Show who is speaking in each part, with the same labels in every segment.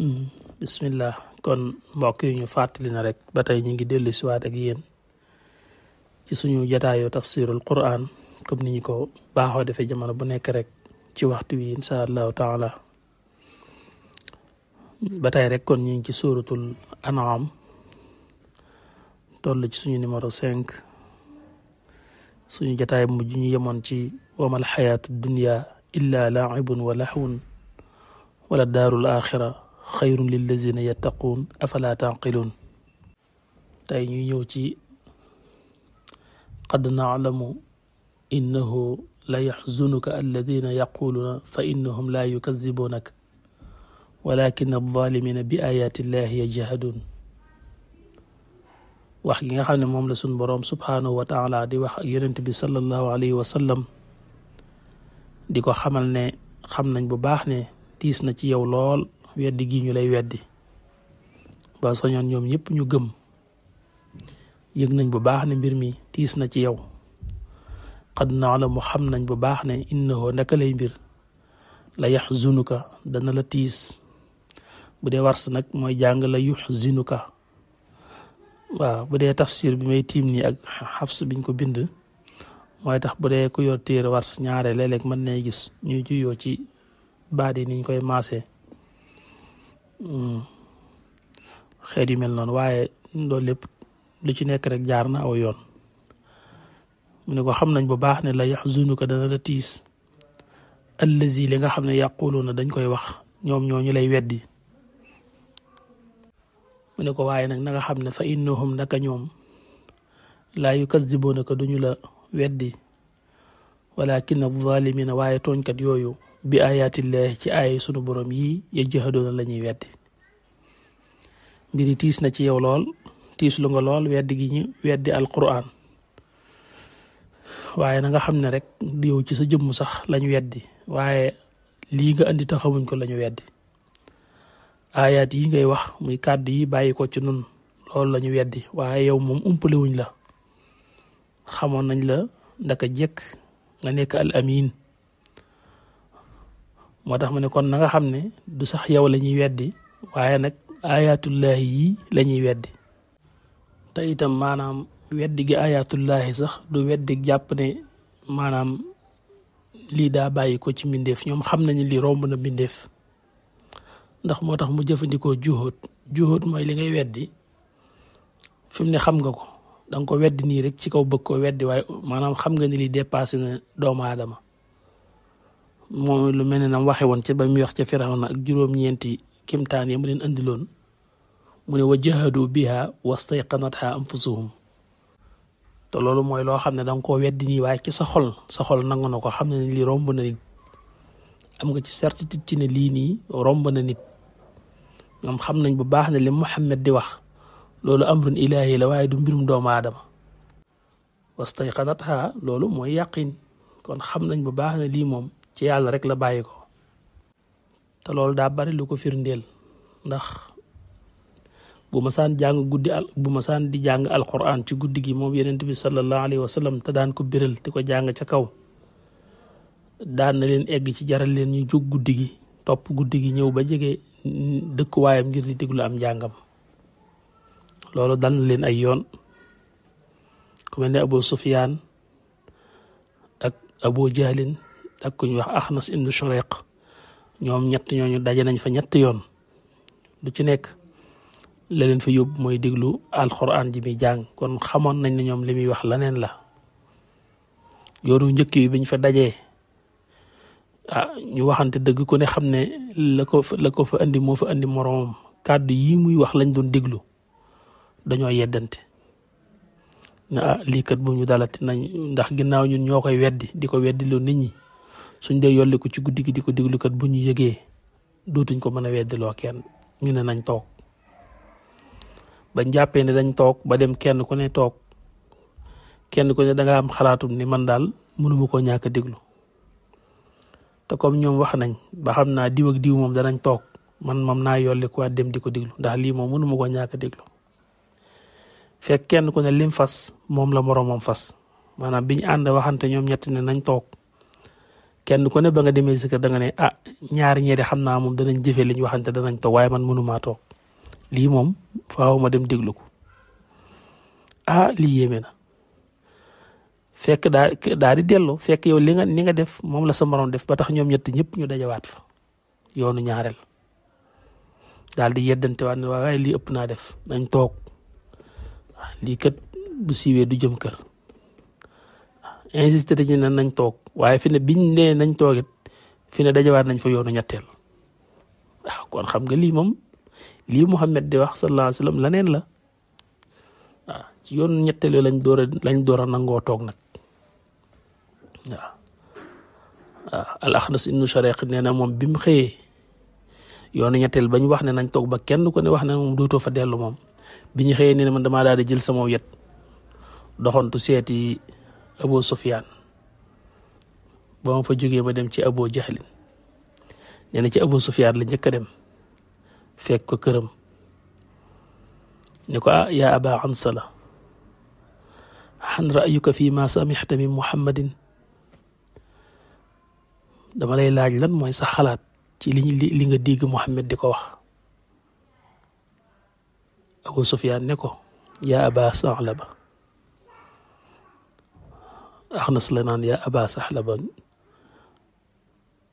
Speaker 1: Hmm. bismillah kon mbokk yi ñu fàttali na rek ba tey ñu ngi dellu siwaat ak yéen ci suñu jataayoo tafsirul quran comme ni ñu ko baaxoo defee jamono bu nekk rek ci waxtu wi insha allahu taala ba tey rek kon ñu ngi ci suuratul anam toll ci suñu numéro cinq suñu jataay mujj ñu yemoon ci wamal xayaatu dunia illa laibun wa lahwun wala daarul axira خير للذين يتقون أفلا تعقلون تاي نيو قد نعلم إنه لا يحزنك الذين يقولون فإنهم لا يكذبونك ولكن الظالمين بآيات الله يجهدون وحكي نحن مملس بروم سبحانه وتعالى دي وحكي بي صلى الله عليه وسلم ديكو حملني خمنا ببعحني تيسنا تيو لول weddi gi ñu lay weddi ba soñoon ñoom ñëpp ñu gëm yëg nañ bu baax ne mbir mi tiis na ci yow xad naa la mu xam nañ bu baax ne innahu naka lay mbir la yaxzunuka dana la tiis bu dee wars nag mooy jàng la yuxzinuka waaw bu dee tafsir bi may tiim nii ak xafs biñ ko bind mooy tax bu dee ko yor téere wars ñaare léeg-léeg mën nay gis ñuy juyoo ci baat yi niñ koy maase xeet yu mel noonu waaye loolu lépp lu ci nekk rek jaar na aw yoon mu ne ko xam nañ bu baax ne la yaxzunuka dana la tiis allazi li nga xam ne na dañ koy wax ñoom ñoo ñu lay weddi mu ne ko waaye nag na nga xam ne fa innahum naka ñoom laa yukazibunaka duñu la weddi walakin zaalimina waaye tooñkat yooyu bi ayaatillahi ci ay sunu borom yi yajhaduuna la ñuy weddi mbiri tiis na ci yow lool tiis lu nga lool weddi gi ñu weddi alquran waaye na nga xam ne rek yow ci sa jëmm sax lañ weddi waaye lii nga andi taxamuñ ko lañu weddi ayaat yi ngay wax muy kàddu yi bàyyi ko ci nun loolu lañu weddi waaye yow moom umpalewuñ la xamoon nañ la ndaka jekk nga nekk al amin moo tax mu ne kon nanga xam ne du sax yow la ñuy weddi waaye nag ayatullahi yii lañuy ñuy weddi te itam maanaam weddi gi ayatullahi sax du weddi jàpp ne maanaam lii daa bàyyi ko ci mbindeef ñoom xam nañu lii romb na mbindeef ndax moo tax mu jëfandikoo juhóot juhóot mooy li ngay weddi fi mu ne xam nga ko danga ko weddi nii rek ci kaw bëgg koo weddi waaye maanaam xam nga ni lii dépassé na doomu aadama moom lu mel ne nam waxe woon ca ba muy wax ca firawna ak juróom-ñeenti kimtaan ya mu leen andiloon mu ne wa jahadu biha wastayqanatha anfusuhum te loolu mooy loo xam ne danga koo weddi nii waaye ci sa xol sa xol nangu na ko xam ne lii romb na nit am nga ci certitude ci ne lii nii romb na nit ñoom xam nañ bu baax ne li Muhammad di wax loolu amrun ilaahi la waaye du mbirum doomu aadama wastayqanatha loolu mooy yàqin kon xam nañ bu baax ne lii moom ci yàlla rek la bàyyi ko te loolu daa bari lu ko firndeel ndax bu masaan jàng guddi al bu masaan di jàng alquran ci guddi gi moom yonent bi sallallahu alayhi wa sallam te daan ko biral di ko jàng ca kaw daan na leen egg ci jaral leen ñu jóg guddi gi topp guddi gi ñëw ba jege dëkkuwaayam ngir di déglu am njàngam loolu dal na leen ay yoon ku mel ne Abu Sufyaan ak Abu Jahlin ak ku ñuy wax Axnas ibnu Shurayq ñoom ñett ñooñu daje nañ fa ñett yoon lu ci nekk la leen fa yóbbu mooy déglu alquran ji jàng kon xamoon nañ ne ñoom li muy wax leneen la yoonu njëkk yi biñ fa dajee ah, ñu waxante dëgg ko ne xam ne la ko la ko fa andi fa andi moroomam kàddu yi muy wax lañ dun déglu dañoo yeddante na ah bu ñu dalati nañ ndax ginnaaw ñun ñoo koy weddi di ko weddi lu nit ñi suñ dee yolliku ci guddi gi di ko déglu kat bu ñu yëgee dootuñ ko mën a weddiloo kenn ñu ne nañ toog bañ jàppee ne dañ toog ba dem kenn ku ne toog kenn ku ne da nga am xalaatum ni man daal mënuma koo ñàkk a déglu te comme ñoom wax nañ ba xam naa diw ak diw moom danañ toog man moom naa yollikuwaat dem di ko diglu ndax lii moom mënuma koo ñàkk a fekk kenn ku ne lim fas moom la moroomam fas maanaam biñ ànd waxante ñoom ñetti ne nañ toog kenn ku ne ba nga demee si kër da ne ah ñaari ñeede xam naa moom danañ jëfee li ñu waxante danañ toog waaye man mënumaa toog lii moom faaw ma dem déglu ko ah lii yéeme na fekk daa di delloo fekk yow li ni nga def moom la sa morom def ba tax ñoom ñett ñëpp ñu dajawaat fa yoonu ñaareel daal di yeddante waat ne waaye lii ëpp naa def nañ toog ah, lii kat bu siiwee du jëm insisté dañu ne nañ toog waaye fi ne biñ nee nañ toog it fi ne dajawaat nañ fa yoonu ñetteel waaw kon xam nga lii moom lii Muhammad di wax sallallahu alayhi wa sallam laneen la waaw ci yoonu ñetteel lañ door a lañ toog nag waaw waaw al axnas ibnu shariq nee na moom bi xëyee yoonu ñetteel ba ñu wax ne nañ toog ba kenn ko ne wax ne moom dootoo fa dellu moom bi ñu xëyee nee na man daal di jël sama yet doxantu seeti Abu Sufyaan ba ma fa jógee ma dem ci Abu Jahlin nee na ci Abu Sufyaan la njëkk a dem fekk ko këram ne ko ah yaa Aba Ansala xan ra'yuka fi ma samixta min Muhammadin dama lay laaj lan mooy sa xalaat ci li li nga dégg Muhammad di ko wax Abu Sufyaan ne ko yaa Aba Sanlaba أخنس لنا يا أبا سحلبا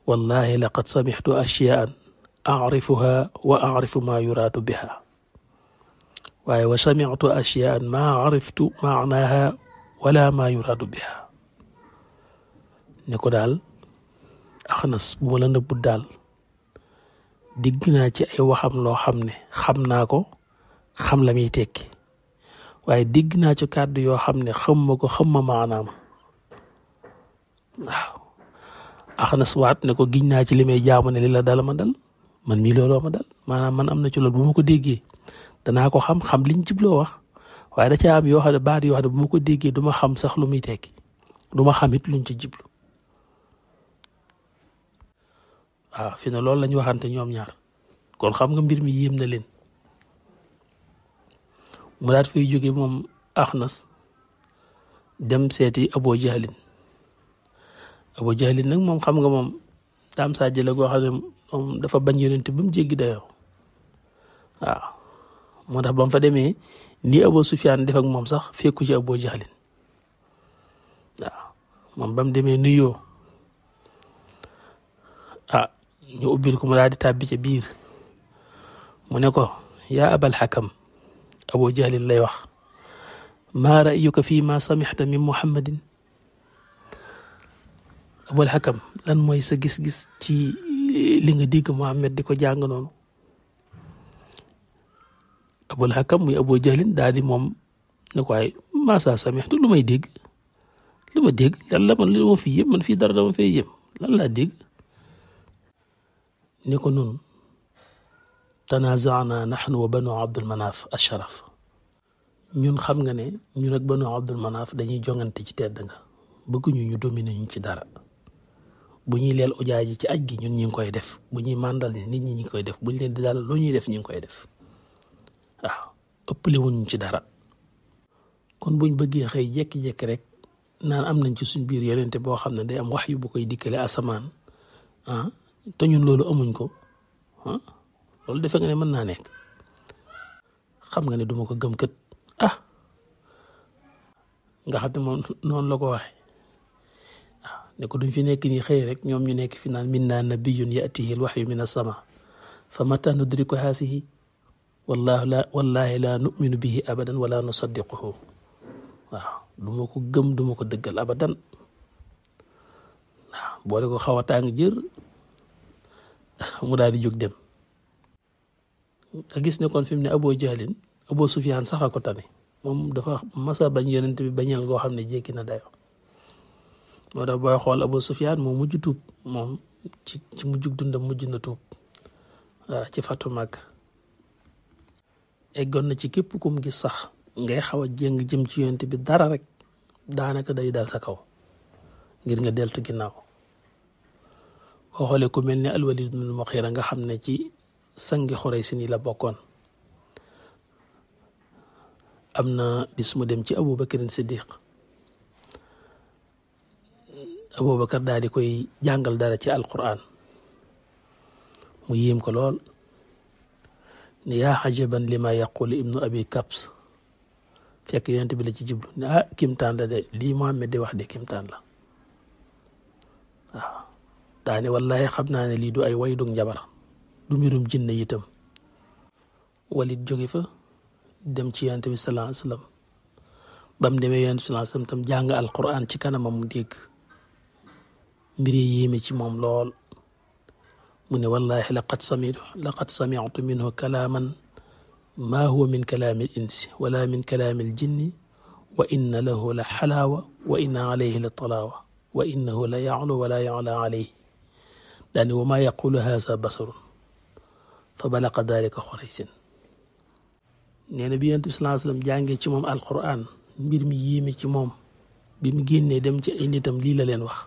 Speaker 1: والله لقد سمعت أشياء أعرفها وأعرف ما يراد بها وسمعت أشياء ما عرفت معناها ولا ما يراد بها نكو دال أخنس بولا نبو دال dégg naa ci لو waxam خمناكو خم ne xam naa dégg naa ci kàddu yoo xam ne xam ma ko xam ma waaw Axnas waat ne ko giñ naa ci li may jaamu ne li la dala ma dal man mii looloo ma dal maanaam man am na ci loolu bu ma ko déggee danaa ko xam xam liñ jubloo wax waaye da ca am yoo xam ne baat yoo xam ne bu ma ko déggee du xam sax lu muy tekki du xam it luñ ci jublu waaw fi loolu la waxante ñoom ñaar kon xam nga mbir mi yéem na leen mu daat fay jóge moom Axnas dem seeti Abu Jahlin Abu jahli nag mom xam nga mom daam Sadji la go xam mom dafa bañ yonent bi mu jegi dayo wa mo tax bam fa demé ni Abu sufyan def ak mom sax fekku ci Abu jahli wa mom bam demé nuyo ah ñu ubbil ko mu daal di tàbbi ci bir mu ne ko ya abal hakam Abu jahli lay wax maa ra'yuka fii maa samixta min muhammadin abul xakam lan mooy sa gis-gis ci li nga dégg Mohamed di ko jàng noonu abul xakam muy abu jahlin daal di moom ne ko ay maasa samixtu lu may dégg lu ma dégg lan la man li ma fi yëm man fii dara dama fay yëm lan laa dégg ne ko nun tanazaana naxnu wa banu abdul manaaf asharaf ñun xam nga ne ñun ak banu abdul manaaf dañuy jongante ci tedd nga bëgguñu ñu dominer ñu ci dara bu ñuy leel ujaa ji ci aj gi ñun ñu ngi koy def bu ñuy màndal nit ñi ñu koy def bu ñu leen di daal loo ñuy def ñu ngi koy def waaw ëppale wuñ ci dara kon buñ bëggee xëy jékki-jékki rek naan am nañ ci suñ biir yonente boo xam ne day am wax yu bu koy dikkale asamaan ah te ñun loolu amuñ ko ah, loolu defe nga ne mën naa nekk xam nga ne duma ko gëm kët ah nga xam ne moom noonu la ko waxee ne ko duñ fi nekk ni xëy rek ñoom ñu nekk fi naan minna nabiyun yatihi alwahyu min asama fa mata nudriku hasihi wallahu la wallahi la numinu bihi abadan wala nusaddiquhu waaw du ma ko gëm du ma ko dëggal abadan waaw boole ko xaw a tàng jër mu daal di jóg dem nga gis ne kon fi mu ne abo Jahlin abo Sufyaan sax a ko tane moom dafa masa bañ yonent bi bañal goo xam ne jékki na dayo moo tax booy xool Abu Sufyaan moo mujj tuub moom ci ci mujjug mujj na tuub ci fatu mag eggoon na ci képp kum gis sax ngay xaw a jéng jëm ci yonent bi dara rek daanaka day daal sa kaw ngir nga deltu ginnaaw boo xoolee ku mel ni Alwaliid ibnul Muxiira nga xam ne ci sangi Xuraysi ni la bokkoon am na bis mu dem ci Abu Bakrin Siddiq abubakar daal di koy jàngal dara ci alquran mu yéem ko lool ne yaa xajaban li ma yaqul ibnu abi kabs fekk yonent bi la ci jiblu ne ah kimtaan la de lii Muhammad di wax de kimtaan la waaw daane wallahi xam naa ne lii du ay way dug njabar du mbirum jinne itam walit jóge fa dem ci yonent bi salaa sallam bam demee yonent bi salaa sallam tam jàng alquran ci kanamam mu dégg مري يمشي لول من والله لقد سمعت لقد سمعت منه كلاما ما هو من كلام الإنس ولا من كلام الجن وإن له لحلاوة وإن عليه للطلاوه وإنه لا يعلو ولا يعلى عليه لأن وما يقول هذا بصر فبلغ ذلك خريس نبي صلى الله عليه وسلم جانجي تشمم القرآن بيرمي يمي تشمم بيمجيني دمجي إني تمليل لين وخ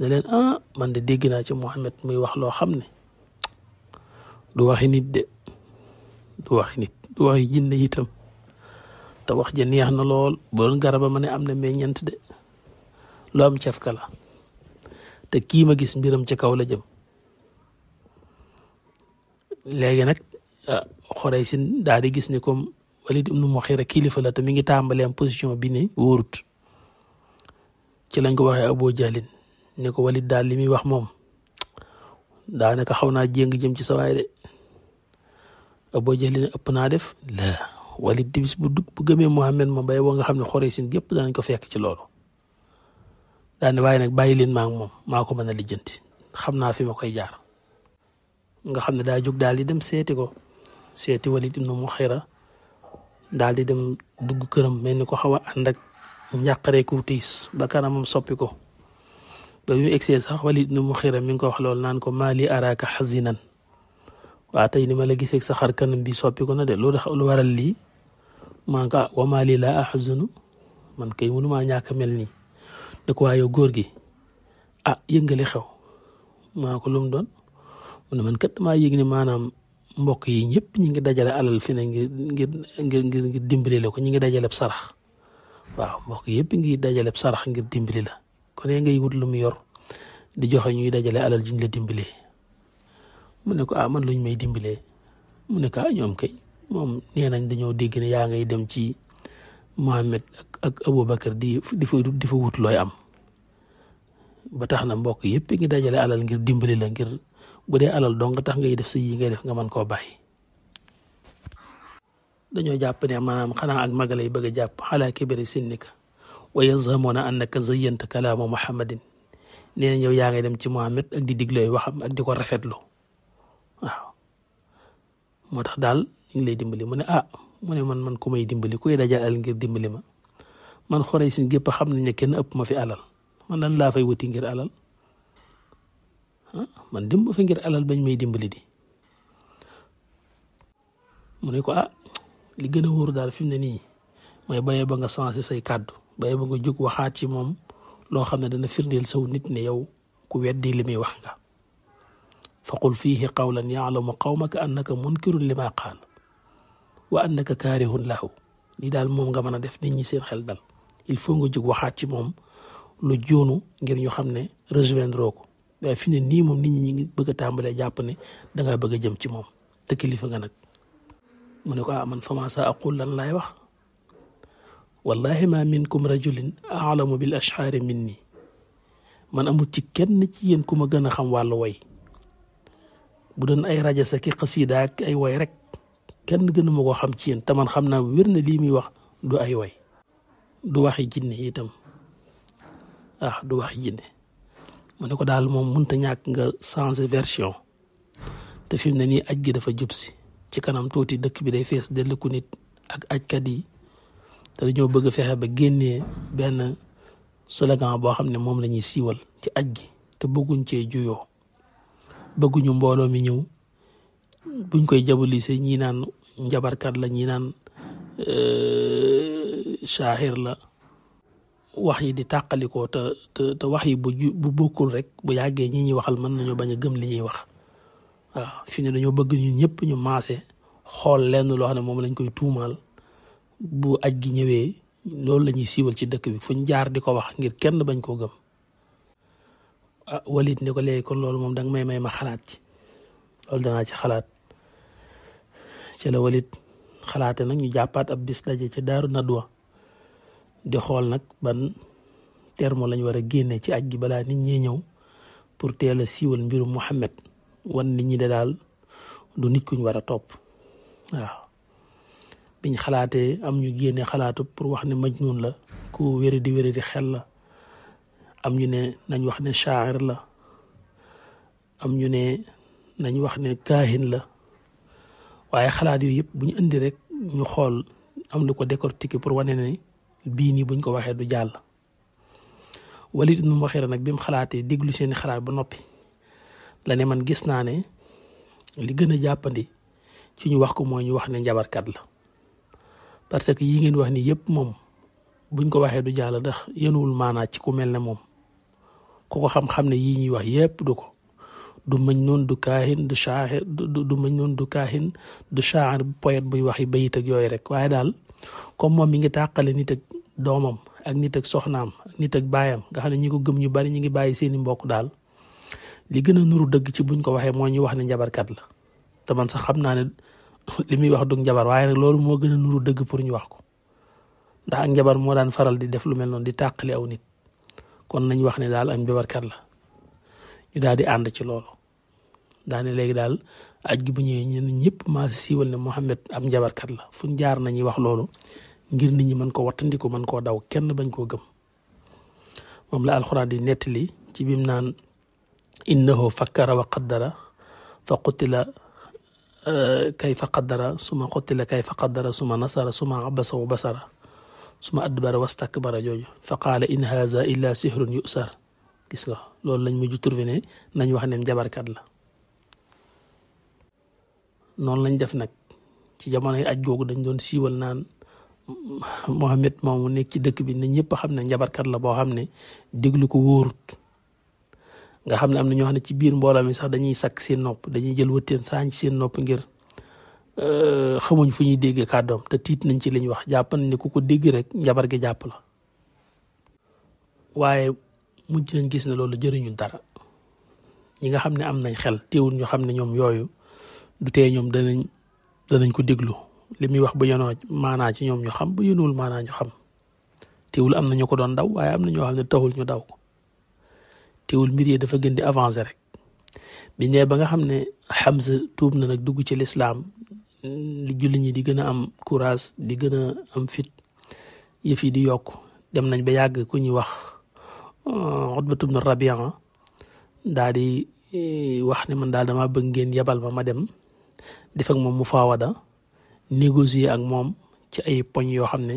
Speaker 1: ne leen ah man de dégg naa ci Mouhamed muy wax loo xam ne du waxi nit de du waxi nit du waxi jinne itam te wax ja neex na lool bu doon garaba ma ne am na meññeent de lu am cafka la te kii ma gis mbiram ci kaw la jëm léegi nag xorey sin daal di gis ne comme Walid ibnu Muxira kilifa la te mi ngi tàmbalee am position bi ni wóorut ci lañ ko waxee Abu Jalin ne ko walit daal li muy wax moom daanaka xaw naa jéng jëm ci sawaay de boo jëlee ne ëpp naa def la walit di bis bu dugg bu gëmee Muhammad ma bay woo nga xam ne xoree sin gépp danañ ko fekk ci loolu daane waaye nag bàyyi leen maa moom maa ko mën a lijjanti xam naa fi ma koy jaar nga xam ne daa jóg daal di dem seeti ko seeti Walid ibnu Muxayra daal di dem dugg këram mel ni ko xaw a ànd ak njàqare ku tiis ba kanamam soppi ko ba bi mu egsee sax Walid ibn Mughira mi ngi ko wax loolu naan ko maa li araaka xazinan waa tey ni ma la gisee sa xar kanam bi soppi ko na de lu tax waral lii maa ngi ko wa maa li laa axzanu man kay mënu maa ñàkk mel ni da ko waayoo góor gi ah yëngale xew maa ko lum doon mu ne man kat maa yëg ne maanaam mbokk yi ñëpp ñi ngi dajal alal fi ne ngir ngir ngir ngir dimbali la ko ñi ngi dajale sarax waaw mbokk yëpp ngi dajale sarax ngir dimbali la ku ne ya ngay wut lu mu yor di joxe ñuy dajale alal jiñ la dimbile mu ne ko ah man luñ may dimbile mu ne ko ah, ñom kay mom nee nañ dañoo dégg ne yaa ngay dem ci mohammed ak ak bakkar di di fa di fa wut loy am ba tax na mbokk yépp ngi dajale alal ngir dimbali la ngir bu dee alal dong tax ngay def sa yi ngay def nga man koo bàyyi. dañoo jàpp ne maanaam xanaa ak magalay bëgg a jàpp xalaa sinnika wa yazhamuna annaka zayyanta kalaama muhammadin nee na yow yaa ngay dem ci Muhammad ak di diglooy waxam ak di ko rafetlu waaw moo tax daal ñu ngi lay dimbali mu ne ah mu ne man man ku may dimbali kuy dajal al ngir dimbali ma man xorey sin gépp xam nañ ne kenn ëpp ma fi alal man lan laa fay wuti ngir alal man dem ba fi ngir alal bañ may dimbali di mu ne ko ah li gën a wóor daal fi mu ne nii mooy bayee ba nga sensé say kàddu bay ba nga jóg waxaat ci moom loo xam ne dana firndeel saw nit ne yow ku weddi li muy wax nga faqul fiihi qawlan yaalamu qawmaka annaka munkirun li maa qaal wa annaka kaarihun lahu lii daal moom nga mën a def nit ñi seen xel dal il faut nga jóg waxaat ci moom lu joonu ngir ñu xam ne rejoindre ko waaye fi ne nii moom nit bëgg tàmbalee jàpp ne dangaa bëgg a jëm ci moom te kilifa nga nag mu ne ko ah man fa maa lan laay wax والله ما منكم رجل أعلم بالأشعار مني من أمو تكن نتيين كما غنى خم والوي بدون أي راجة سكي قصيداك أي ويرك كن غنى مغو خمتين تمن خمنا ويرن ليمي وق دو أي واي دو واحي جنة يتم اه دو واحي جنة من أكو دال مو منتنياك نغا سانس فرشيون تفهم نني أجي دفا جبسي تكنام توتي دك بدي فيس دل كونيت أك أجكدي te dañoo bëgg fexe ba génnee benn slogan boo xam ne moom lañuy siiwal ci aj gi te bëgguñ cee juyoo bëgguñu mbooloo mi ñëw buñ koy jabalise ñi naan njabarkat la ñi naan euh, shahir la wax yi di tàqalikoo te te te wax yi bu bu bokkul rek bu yàggee ñi ñuy waxal mën nañoo bañ a gëm li ñuy wax waaw fi ne dañoo bëgg ñun ñëpp ñu maase xool lenn loo xam ne moom lañ koy tuumaal bu aj gi ñëwee loolu la ñuy siiwal ci dëkk bi fu ñu jaar di ko wax ngir kenn bañ koo gëm ah walit ne ko léegi kon loolu moom danga may may ma xalaat ci loolu danaa ci xalaat ci la walit xalaate nag ñu jàppaat ab bis daje ca daaru nadwa di xool nag ban terme lañ war a génne ci aj gi balaa nit ñi ñëw pour teel a siiwal mbirum Muhammad wan nit ñi de daal du nit kuñ war a topp waaw biñ xalaatee am ñu génne xalaatu pour wax ne majnun la ku wéri di wéri xel la am ñu ne nañ wax ne shaa'ir la am ñu ne nañ wax ne kaahin la waaye xalaat yooyu yëpp bu ñu indi rek ñu xool am lu ko décortiquer pour wane ne bii nii buñ ko waxee du jàll Walid ibn Mughira nag bi mu xalaatee déglu seeni xalaat ba noppi la ne man gis naa ne li gën a jàppandi ci ñu wax ko mooy ñu wax ne njabarkat la parce que yi ngeen wax ni yëpp moom buñ ko waxee du jàll ndax yenuwul maanaa ci ku mel ne moom ku xam-xam ne yii ñuy wax yëpp du ko du mañ noon du kaahin du shaahir du mañ noon du du shaahir poète buy waxi bayit ak yooyu rek waaye daal comme moom mi ngi tàqale nit ak doomam ak nit ak soxnaam ak nit ak baayam nga xam ne ñi ko gëm ñu bari ñu ngi bàyyi seeni mbokk daal li gën a nuru dëgg ci buñ ko waxee mooy ñu wax ne njabarkat la te sax xam naa ne li muy wax du njabar waaye loolu moo gën a nuru dëgg pour ñu wax ko ndax ak njabar moo daan faral di def lu mel noonu di tàqali aw nit kon nañ wax ne daal ak njabarkat la ñu daal di ànd ci loolu daane léegi daal aj gi bu ñëwee siiwal ne Mouhamed am njabarkat la fu njaar jaar nañuy wax loolu ngir nit ñi mën ko wattandiku mën koo daw kenn bañ koo gëm moom la alxuraan di nettali ci bim naan innahu fakkara wa dara fa qutila kay kayfa qaddara suma xottila kayfa qaddara suma nasara suma abasa wa basara suma adbara wastakbara jooju fa qaala in haza illa sihrun yusar gis nga loolu lañ mujj trouvé ne nañ wax ne njabarkat la noonu lañ def nag ci jamonoy aj googu dañ doon siiwal naan Mohamed moomu nekk ci dëkk bi ne ñëpp xam ne njabarkat la boo xam ne déglu ko wóorut nga xam ne am na ñoo xam ne ci biir mbooloo sax dañuy sakk seen nopp dañuy jël wëtteen saañ seen nopp ngir euh, xamuñ fu ñuy dégg kàddoom te tiit nañ ci liñ wax jàpp nañ ne ku ko dégg rek njabar gi jàpp la waaye mujj nañ gis ne loolu jëriñu dara ñi nga xam ne am nañ xel teewul ñu xam ne ñoom yooyu du tee ñoom danañ danañ ko déglu li muy wax ba yonoo maanaa ci ñoom ñu xam ba yonuwul maanaa ñu xam teewul am na ñu ko doon daw waaye am na ñoo xam ne taxul ñu daw teewul mbir yi dafa gën di avancer rek bi nee ba nga xam ne Hamza tuub na nag dugg ci lislaam li julli ñi di gën a am courage di gën a am fit yëf di yokk dem nañ ba yàgg ku ñuy wax euh, Utbatu na Rabia daal di eh, wax ne man daal dama bëgg ngeen yabal ma ma dem def ak moom mu faawada négocier ak moom ci ay poñ yoo xam ne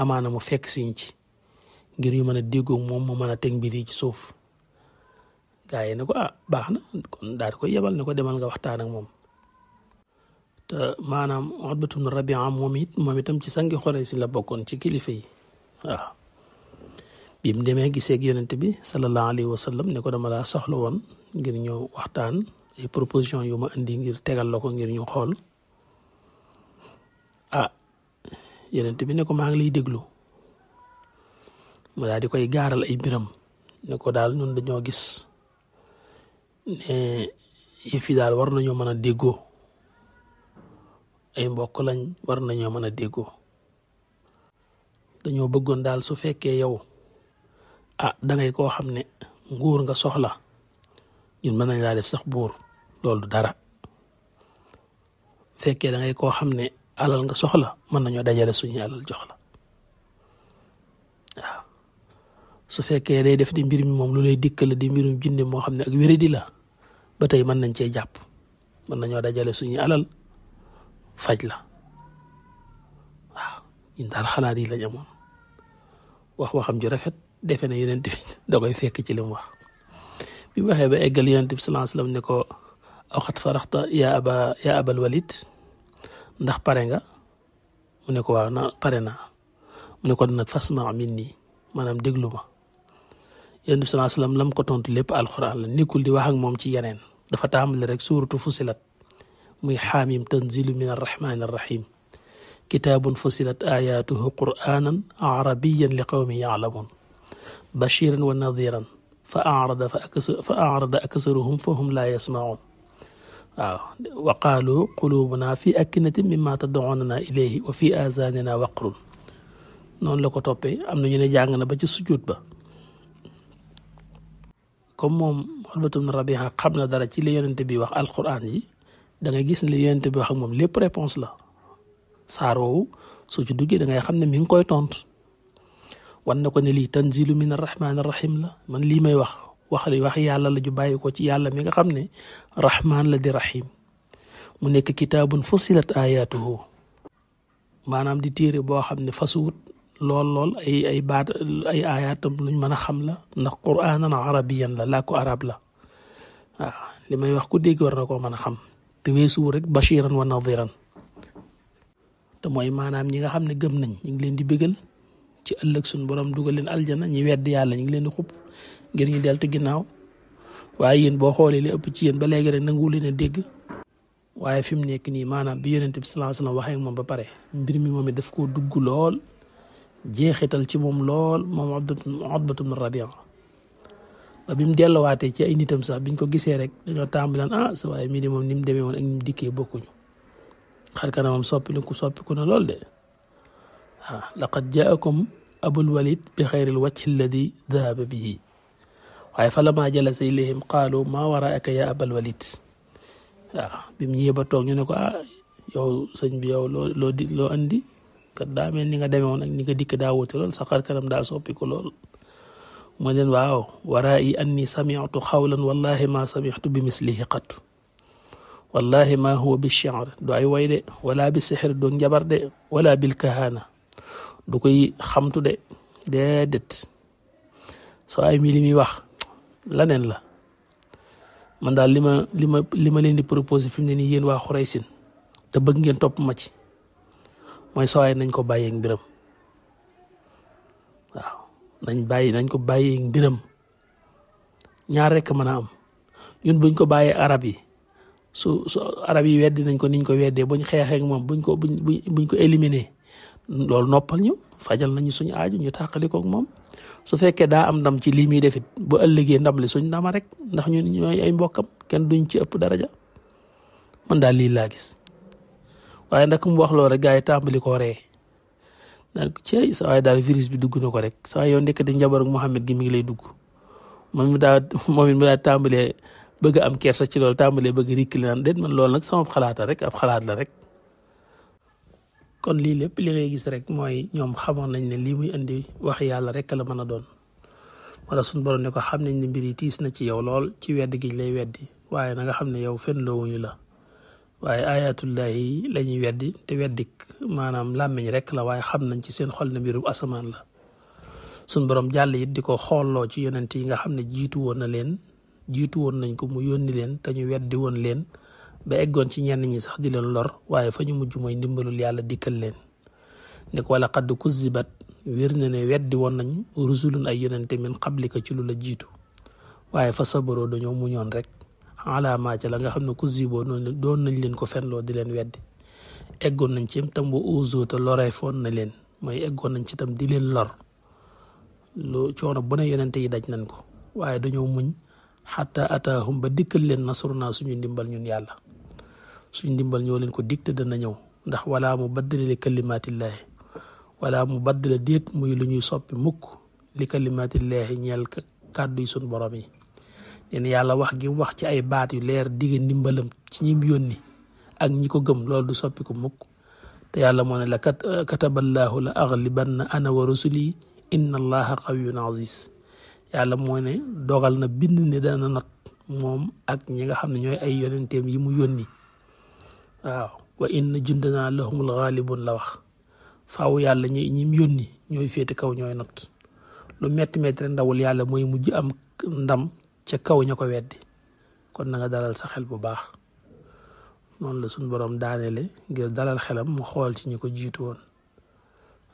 Speaker 1: amaana mu fekk siñ ci ngir yu mën a déggoo moom mu mën a teg mbir ci suuf gaa yi ne ko a ah, baax na kon daal di koy yebal ne ko demal nga waxtaan ak moom te maanaam Utbatu bnu moom it moom itam ci sangi xore si la bokkoon ci kilifa yi mu demee gisee ak yonent bi sallallahu alayhi wa sallam ne ko dama soxla woon ngir ñëw waxtaan ay proposition yu ma indi ngir tegal la ko ngir ñu xool a ah, yonent bi ne ko maa ngi lay déglu mu daal di koy gaaral ay mbiram ne ko daal ñun dañoo gis ne yëfi daal war nañoo mën a déggoo ay mbokk lañ war nañoo mën a déggoo dañoo bëggoon daal su fekkee yow ah da ngay koo xam ne nguur nga soxla ñun mën nañ laa def sax buur loolu dara fekkee da ngay koo xam ne alal nga soxla mën nañoo dajale suñu alal jox la waaw su fekkee day def di mbir mi moom lu lay dikkale di mbirum jinde moo xam ne ak wéradi la ba tey mën nañ cee jàpp mën nañoo dajale suñu alal faj la waaw ñun daal xalaat yi lañ amoon wax waxam ju rafet defe na yonent bi da koy fekk ci li mu wax bi mu waxee ba eggal yonent bi sallallahu ne ko aw xat faraxta yaa abal walid ndax pare nga mu ne ko waaw na pare na mu ne ko nag fas naa min nii maanaam déglu yonent bi salaa salaam lam ko tontu lépp alxuraan la nekkul di wax ak moom ci yeneen dafa tàmbali rek suuratu fusilat muy xaamim tanzilu min arrahmani arrahim kitaabun fusilat ayaatuhu quraanan arabiyan li qawmi yaalamuun bashiran wa nadiran fa arada fa aksa fa arada aksaruhum fa hum laa yasmaun waaw wa qaalu qulubuna fi akinatin mimma tad'unana ilayhi wa fi aazanina waqrun noonu la ko toppee am na ñu ne jàng na ba ci sujjuut ba comme moom xutbatu ibn rabiha xam na dara ci li yonente bi wax alquran yi da nga gis ne li yonente bi wax ak moom lépp réponse la saar woowu soo ci duggee da ngay xam ne mi ngi koy tontu wan na ko ne lii tanzilu min arrahmani arrahim la man lii may wax wax li wax yàlla la ju bàyyi ci yàlla mi nga xam ne rahman la di rahim mu nekk kitaabun fusilat ayatuhu maanaam di téere boo xam ne fasuwut lool lool ay ay baat ay aayaatam luñ mën a xam la ndax quraanan arabiyan la làkku arab la waaw li may wax ku dégg war na koo mën a xam te weesuwu rek bashiran wa nadiran te mooy maanaam ñi nga xam ne gëm nañ ñu ngi leen di bëggal ci ëllëg suñ borom dugal leen aljana ñi wedd yàlla ñu ngi leen di xub ngir ñu deltu ginnaaw waaye yéen boo xoolee li ëpp ci yéen ba léegi rek nanguwu leen dégg waaye fi mu nekk nii maanaam bi yonent bi sallallahu alayhi wasallam waxee moom ba pare mbir mi moom it def koo dugg lool jeexital ci moom lool moom Utbatu bnu Rabia ba bi mu delluwaatee ci ay nitam sax biñ ko gisee rek dañoo tàmbalaan ah sa waaye mii de moom ni mu demee woon ak ni mu dikkee bokkuñu xar kana moom soppiku soppiku na lool de waaw laqad jaakum abul walid bi xayril wajhi alladi dahaba bihi waaye fa lama jalasa ilayhim qaalu maa waraaka yaa abal walid waaw bi mu ñëwee toog ñu ne ko ah yow sëñ bi yow loo loo di loo andi kat daa mel ni nga demee woon ak ni nga dikk daa wuute lool sa xar kanam daa soppiku lool mu leen waaw waraa yi anni samitu xawlan wallahi ma samitu bi mislihi qattu wallahi ma huwa bi shi'r du ay way de wala bi sixir du njabar de wala bil kahana du koy xamtu de déedéet soo ay mi li muy wax laneen la man daal li ma li ma li ma leen di proposé fi mu ne nii yéen waa xuraysin te bëgg ngeen topp ma ci mooy sawaay nañ ko bàyyeeg mbiram waaw nañ bàyyi nañ ko bàyyeeg mbiram ñaar rek mën am ñun buñ ko bàyyee arab yi su su arab yi weddi nañ ko niñ ko weddee buñ xeexeek moom buñ ko buñ buñ ko éliminer loolu noppal ñu fajal nañ suñu aaju ñu tàqalikook moom su fekkee daa am ndam ci lii muy defit bu ëllëgee ndam li suñ ndama rek ndax ñun ñooy ay mbokkam kenn duñ ci ëpp daraja man daal lii waaye nag mu wax loolu rek gars yi tàmbali koo ree naan ko cey sa waaye bi dugg ko rek sa waaye yow ndekkati njaboot ak Mouhamed gi mi ngi lay dugg moom mi daa moom it mi daa tàmbalee bëgg am kersa ci loolu tàmbalee bëgg rikkili naan déet man loolu nag sama xalaata rek ab xalaat la rek kon lii lépp li gis rek mooy ñoom xamoon nañ ne lii muy indi wax yàlla rek la mën a doon moo tax suñu borom ne ko xam nañ ne mbir yi tiis na ci yow lool ci wedd gi ñu lay weddi waaye na xam ne yow fenn loowuñu la waaye ayatullahi la ñuy weddi te weddik maanaam làmmiñ rek la waaye xam nañ ci seen xol na mbirum asamaan la suñ borom jàll yit di ko xooloo ci yonent yi nga xam ne jiitu woon na leen jiitu woon nañ ko mu yónni leen te ñu weddi woon leen ba eggoon ci ñenn ñi sax di leen lor waaye fa ñu mujj mooy ndimbalul yàlla dikkal leen ne ko wala xadd kuzibat wér na ne weddi woon nañ rusulun ay yonente min xablika ci lu la jiitu waaye fa sabaroo dañoo muñoon rek ala ma ca la nga xam ne ku ziboo noonu doon nañ leen ko fenloo di leen weddi eggoon nañ ci tam bu uusoo te loree foon na leen mooy eggoon nañ ci tam di leen lor lu coono bu ne yonente yi daj nañ ko waaye dañoo muñ xataa ataahum ba dikkal leen nasru naa suñu ndimbal ñun yàlla suñu ndimbal ñoo leen ko digte dana ñëw ndax wala mu baddale li kalimaatillaahi wala mu baddale déet muy lu ñuy soppi mukk li kalimaatillaahi ñeel kàddu yi suñ borom yi leen yàlla wax gi wax ci ay baat yu leer digg ndimbalam ci ñim yónni ak ñi ko gëm loolu du soppiku mukk te yàlla moo ne euh, la kat kataballaahu la aglibanna ana wa rusuli inna allaha qawiyun aziz yàlla moo ne dogal na bind ne dana nat moom ak ñi nga xam ne ñooy ay yonenteem yi mu yónni waaw wa inna jundanaa lahumul gaalibun la wax faw yàlla ñi ñi mu ñooy féete kaw ñooy nat lu metti metti rek ndawul yàlla mooy mujj am ndam ca kaw ña ko weddi kon na nga dalal sa xel bu baax noonu la sun borom daanele ngir dalal xelam mu xool ci ñi ko jiitu woon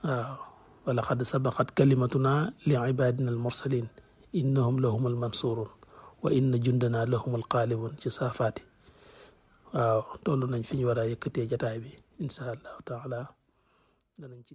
Speaker 1: waaw wala xad sabaqat kalimatuna li ibadina al mursalin innahum lahum al mansurun wa inna jundana lahum al qalibun ci safati waaw tollu nañ fi ñu war a yëkkatee jataay bi insha allahu taala danañ ci